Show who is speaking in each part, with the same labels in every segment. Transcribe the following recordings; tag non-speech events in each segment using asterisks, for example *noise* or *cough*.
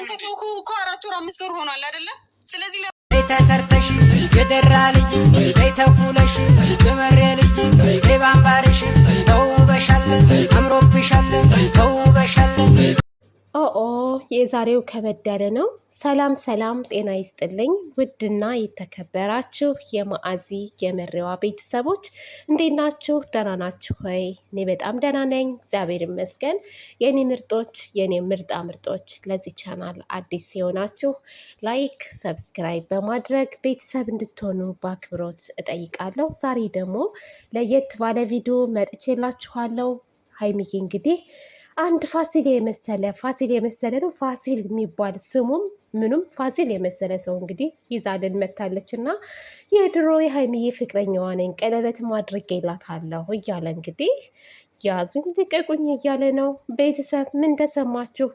Speaker 1: ልጅሽን ከተውኩ እኮ አራት ወር አምስት ወር ሆኗል አይደለ? ስለዚህ
Speaker 2: ተሰርተሽ የደራ ልጅ ተኩለሽ የመሬ ልጅ ባምባርሽ ተውበሻለን አምሮብሻለን ተው
Speaker 3: የዛሬው ከበድ ያለ ነው። ሰላም ሰላም፣ ጤና ይስጥልኝ ውድና የተከበራችሁ የማዓዚ የመሪዋ ቤተሰቦች እንዴት ናችሁ? ደህና ናችሁ ወይ? እኔ በጣም ደህና ነኝ፣ እግዚአብሔር ይመስገን። የኔ ምርጦች፣ የኔ ምርጣ ምርጦች፣ ለዚህ ቻናል አዲስ የሆናችሁ ላይክ፣ ሰብስክራይብ በማድረግ ቤተሰብ እንድትሆኑ በአክብሮት እጠይቃለሁ። ዛሬ ደግሞ ለየት ባለ ቪዲዮ መጥቼላችኋለሁ። ሀይሚዬ እንግዲህ አንድ ፋሲል የመሰለ ፋሲል የመሰለ ነው። ፋሲል የሚባል ስሙም ምኑም ፋሲል የመሰለ ሰው እንግዲህ ይዛልን መታለች እና የድሮ የሀይሚዬ ፍቅረኛዋ ነኝ ቀለበት አድርጌላታለሁ እያለ እንግዲህ ያዙኝ ልቀቁኝ እያለ ነው። ቤተሰብ ምን ተሰማችሁ?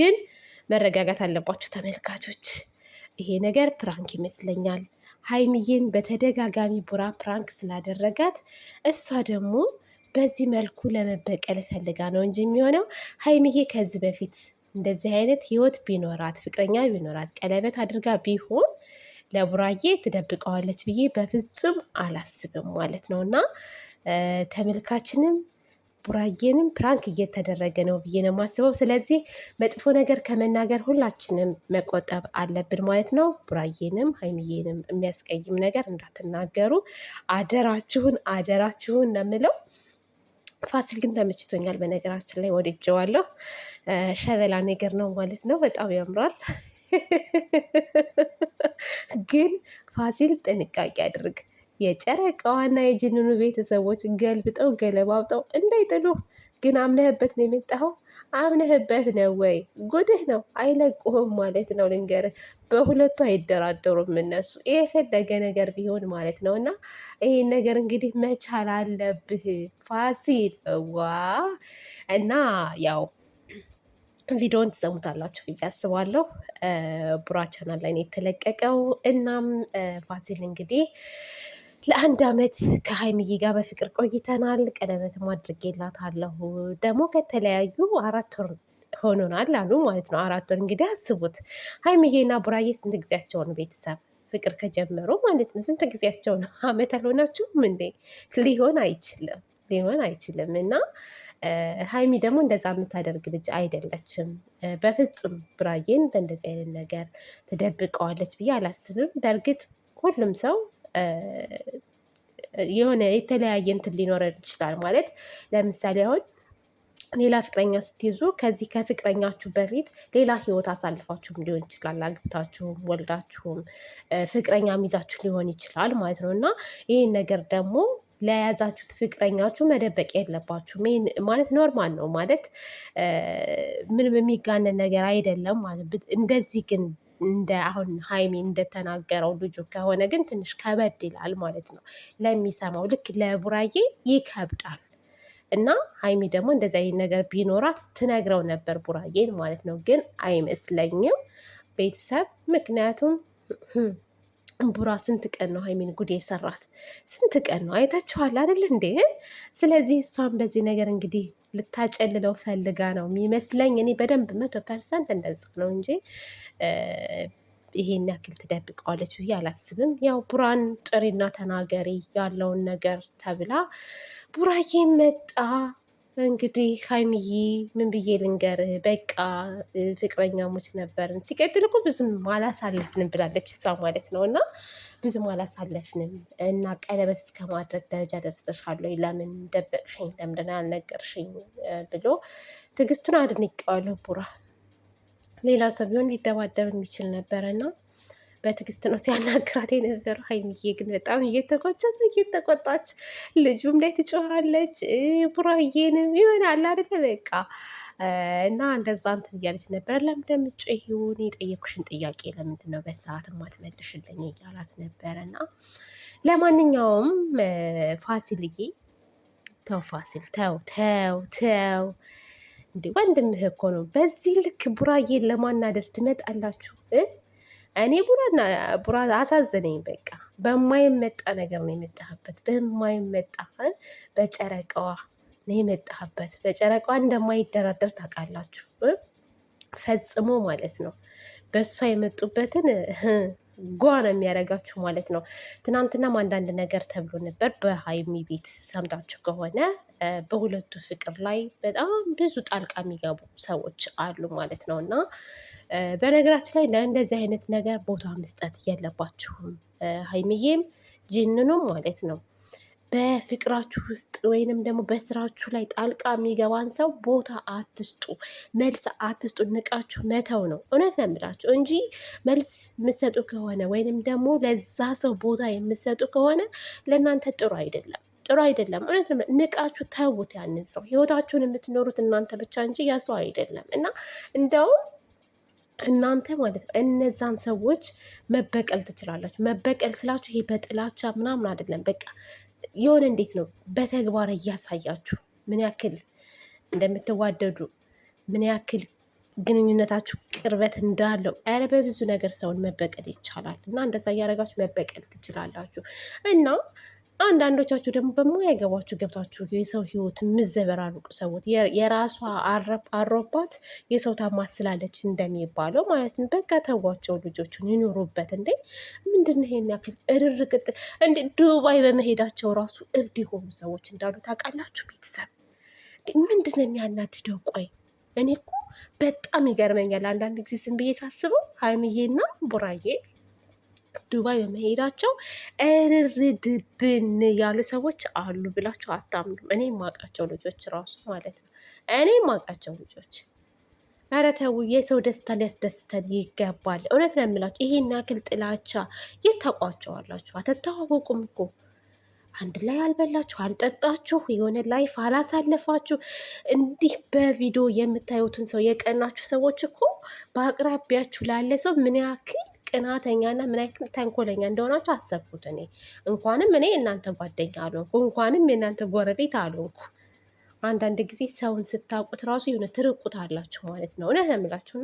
Speaker 3: ግን መረጋጋት አለባችሁ ተመልካቾች። ይሄ ነገር ፕራንክ ይመስለኛል። ሀይሚዬን በተደጋጋሚ ቡራ ፕራንክ ስላደረጋት እሷ ደግሞ በዚህ መልኩ ለመበቀል ፈልጋ ነው እንጂ የሚሆነው ሀይሚዬ ከዚህ በፊት እንደዚህ አይነት ህይወት ቢኖራት ፍቅረኛ ቢኖራት ቀለበት አድርጋ ቢሆን ለቡራዬ ትደብቀዋለች ብዬ በፍጹም አላስብም ማለት ነው። እና ተመልካችንም ቡራዬንም ፕራንክ እየተደረገ ነው ብዬ ነው የማስበው። ስለዚህ መጥፎ ነገር ከመናገር ሁላችንም መቆጠብ አለብን ማለት ነው። ቡራዬንም ሀይሚዬንም የሚያስቀይም ነገር እንዳትናገሩ አደራችሁን፣ አደራችሁን ነው የምለው። ፋሲል ግን ተመችቶኛል። በነገራችን ላይ ወድጀዋለሁ። ሸበላ ነገር ነው ማለት ነው። በጣም ያምራል። *laughs* ግን ፋሲል ጥንቃቄ አድርግ። የጨረቃዋና የጅንኑ ቤተሰቦች ገልብጠው ገለባብጠው እንዳይጥሉ። ግን አምነህበት ነው የመጣኸው። አምነህበት ነው ወይ? ጉድህ ነው። አይለቁህም ማለት ነው። ልንገርህ፣ በሁለቱ አይደራደሩም እነሱ የፈለገ ነገር ቢሆን ማለት ነው። እና ይህን ነገር እንግዲህ መቻል አለብህ ፋሲል ዋ እና ያው ቪዲዮን ትሰሙታላችሁ ብዬ አስባለሁ። ቡራ ቻናል ላይ ነው የተለቀቀው። እናም ፋሲል እንግዲህ ለአንድ አመት ከሀይምዬ ጋር በፍቅር ቆይተናል። ቀለበትም አድርጌላታለሁ። ደግሞ ከተለያዩ አራት ወር ሆኖናል አሉ ማለት ነው። አራት ወር እንግዲህ አስቡት ሀይምዬና ቡራዬ ስንት ጊዜያቸውን ቤተሰብ ፍቅር ከጀመሩ ማለት ነው። ስንት ጊዜያቸው ነው? አመት አልሆናችሁም እንዴ? ሊሆን አይችልም ሊሆን አይችልም። እና ሀይሚ ደግሞ እንደዛ የምታደርግ ልጅ አይደለችም በፍጹም። ብራዬን በእንደዚህ አይነት ነገር ትደብቀዋለች ብዬ አላስብም። በእርግጥ ሁሉም ሰው የሆነ የተለያየ እንትን ሊኖረን ይችላል። ማለት ለምሳሌ አሁን ሌላ ፍቅረኛ ስትይዙ ከዚህ ከፍቅረኛችሁ በፊት ሌላ ህይወት አሳልፋችሁም ሊሆን ይችላል። አግብታችሁም ወልዳችሁም ፍቅረኛ ይዛችሁ ሊሆን ይችላል ማለት ነው እና ይህን ነገር ደግሞ ለያዛችሁት ፍቅረኛችሁ መደበቅ የለባችሁም። ይህን ማለት ኖርማል ነው ማለት ምንም የሚጋነን ነገር አይደለም ማለት እንደዚህ ግን እንደ አሁን ሀይሚ እንደተናገረው ልጁ ከሆነ ግን ትንሽ ከበድ ይላል ማለት ነው ለሚሰማው፣ ልክ ለቡራዬ ይከብዳል። እና ሀይሚ ደግሞ እንደዚ አይነት ነገር ቢኖራት ትነግረው ነበር ቡራዬን ማለት ነው። ግን አይመስለኝም ቤተሰብ ምክንያቱም ቡራ ስንት ቀን ነው ሀይሚን ጉድ የሰራት? ስንት ቀን ነው አይታችኋል አይደል እንዴ? ስለዚህ እሷን በዚህ ነገር እንግዲህ ልታጨልለው ፈልጋ ነው የሚመስለኝ። እኔ በደንብ መቶ ፐርሰንት እንደዛ ነው እንጂ ይሄን ያክል ትደብቀዋለች ብዬ አላስብም። ያው ቡራን ጥሪና ተናገሪ ያለውን ነገር ተብላ ቡራዬ መጣ እንግዲህ ሀይሚዬ ምን ብዬ ልንገርህ፣ በቃ ፍቅረኛሞች ነበርን። ሲቀጥል እኮ ብዙም አላሳለፍንም ብላለች እሷ ማለት ነው። እና ብዙም አላሳለፍንም እና ቀለበት እስከ ማድረግ ደረጃ ደርሰሻል ለምን ደበቅሽኝ? ለምንድን አልነገርሽኝ? ብሎ ትዕግስቱን አድንቄዋለሁ ቡራ። ሌላ ሰው ቢሆን ሊደባደብ የሚችል ነበረና በትዕግስት ነው ሲያናግራት የነበረው። ሀይሚዬ ግን በጣም እየተቆጨት እየተቆጣች ልጁም ላይ ትጮኻለች፣ ቡራዬንም ይሆናል አይደለ በቃ እና እንደዛ እንትን እያለች ነበር። ለምንድን ነው የምትጮይው? የጠየኩሽን ጥያቄ ለምንድን ነው በሰዓት ማትመልሽልኝ? እያላት ነበረ እና ለማንኛውም ፋሲልዬ ተው ፋሲል ተው ተው ተው እንዲህ ወንድምህ እኮ ነው። በዚህ ልክ ቡራዬን ለማናደር ትመጣላችሁ። እኔ ቡራና ቡራ አሳዘነኝ። በቃ በማይመጣ ነገር ነው የመጣህበት፣ በማይመጣ በጨረቃዋ ነው የመጣህበት። በጨረቃዋ እንደማይደራደር ታውቃላችሁ፣ ፈጽሞ ማለት ነው። በእሷ የመጡበትን ጓ ነው የሚያደርጋችሁ ማለት ነው። ትናንትናም አንዳንድ ነገር ተብሎ ነበር በሀይሚ ቤት ሰምታችሁ ከሆነ በሁለቱ ፍቅር ላይ በጣም ብዙ ጣልቃ የሚገቡ ሰዎች አሉ ማለት ነው። እና በነገራችን ላይ ለእንደዚህ አይነት ነገር ቦታ መስጠት የለባችሁም ሀይሚዬም ጅንኑም ማለት ነው። በፍቅራችሁ ውስጥ ወይንም ደግሞ በስራችሁ ላይ ጣልቃ የሚገባን ሰው ቦታ አትስጡ፣ መልስ አትስጡ። ንቃችሁ መተው ነው። እውነት ነው የምላችሁ እንጂ መልስ የምትሰጡ ከሆነ ወይንም ደግሞ ለዛ ሰው ቦታ የምትሰጡ ከሆነ ለእናንተ ጥሩ አይደለም። ጥሩ አይደለም። እውነት ንቃችሁ ተውት። ያንን ሰው ህይወታችሁን የምትኖሩት እናንተ ብቻ እንጂ ያ ሰው አይደለም እና እንደውም እናንተ ማለት ነው እነዛን ሰዎች መበቀል ትችላላችሁ። መበቀል ስላችሁ ይሄ በጥላቻ ምናምን አይደለም። በቃ የሆነ እንዴት ነው በተግባር እያሳያችሁ ምን ያክል እንደምትዋደዱ ምን ያክል ግንኙነታችሁ ቅርበት እንዳለው። ኧረ በብዙ ነገር ሰውን መበቀል ይቻላል እና እንደዛ እያደረጋችሁ መበቀል ትችላላችሁ እና አንዳንዶቻችሁ ደግሞ በማይገባችሁ ገብታችሁ የሰው ህይወት የምዘበራርቁ ሰዎች የራሷ አሮባት የሰው ታማስላለች እንደሚባለው ማለት ነው። በቃ ተዋቸው፣ ልጆቹን ይኖሩበት። እንዴ ምንድን ይሄን ያክል እርርቅጥ እንዴ! ዱባይ በመሄዳቸው ራሱ እብድ የሆኑ ሰዎች እንዳሉ ታውቃላችሁ። ቤተሰብ ምንድን ነው የሚያናድደው? ቆይ እኔ እኮ በጣም ይገርመኛል አንዳንድ ጊዜ ዝም ብዬ ሳስበው ሀይምዬና ቡራዬ ዱባይ በመሄዳቸው እርድብን ያሉ ሰዎች አሉ ብላቸው አታምኑም። እኔ የማውቃቸው ልጆች ራሱ ማለት ነው። እኔ የማውቃቸው ልጆች ኧረ ተው፣ የሰው ደስታ ሊያስደስተን ይገባል። እውነት ነው የምላቸው። ይሄን ያክል ጥላቻ የት ታውቋቸዋላችሁ? አትተዋወቁም እኮ አንድ ላይ አልበላችሁ፣ አልጠጣችሁ፣ የሆነ ላይፍ አላሳለፋችሁ። እንዲህ በቪዲዮ የምታዩትን ሰው የቀናችሁ ሰዎች እኮ በአቅራቢያችሁ ላለ ሰው ምን ያክል ቅናተኛና ምን አይነት ተንኮለኛ እንደሆናችሁ አሰብኩት። እኔ እንኳንም እኔ እናንተ ጓደኛ አልሆንኩ፣ እንኳንም የእናንተ ጎረቤት አልሆንኩ። አንዳንድ ጊዜ ሰውን ስታውቁት ራሱ የሆነ ትርቁት አላችሁ ማለት ነው። እውነት ነው የምላችሁ።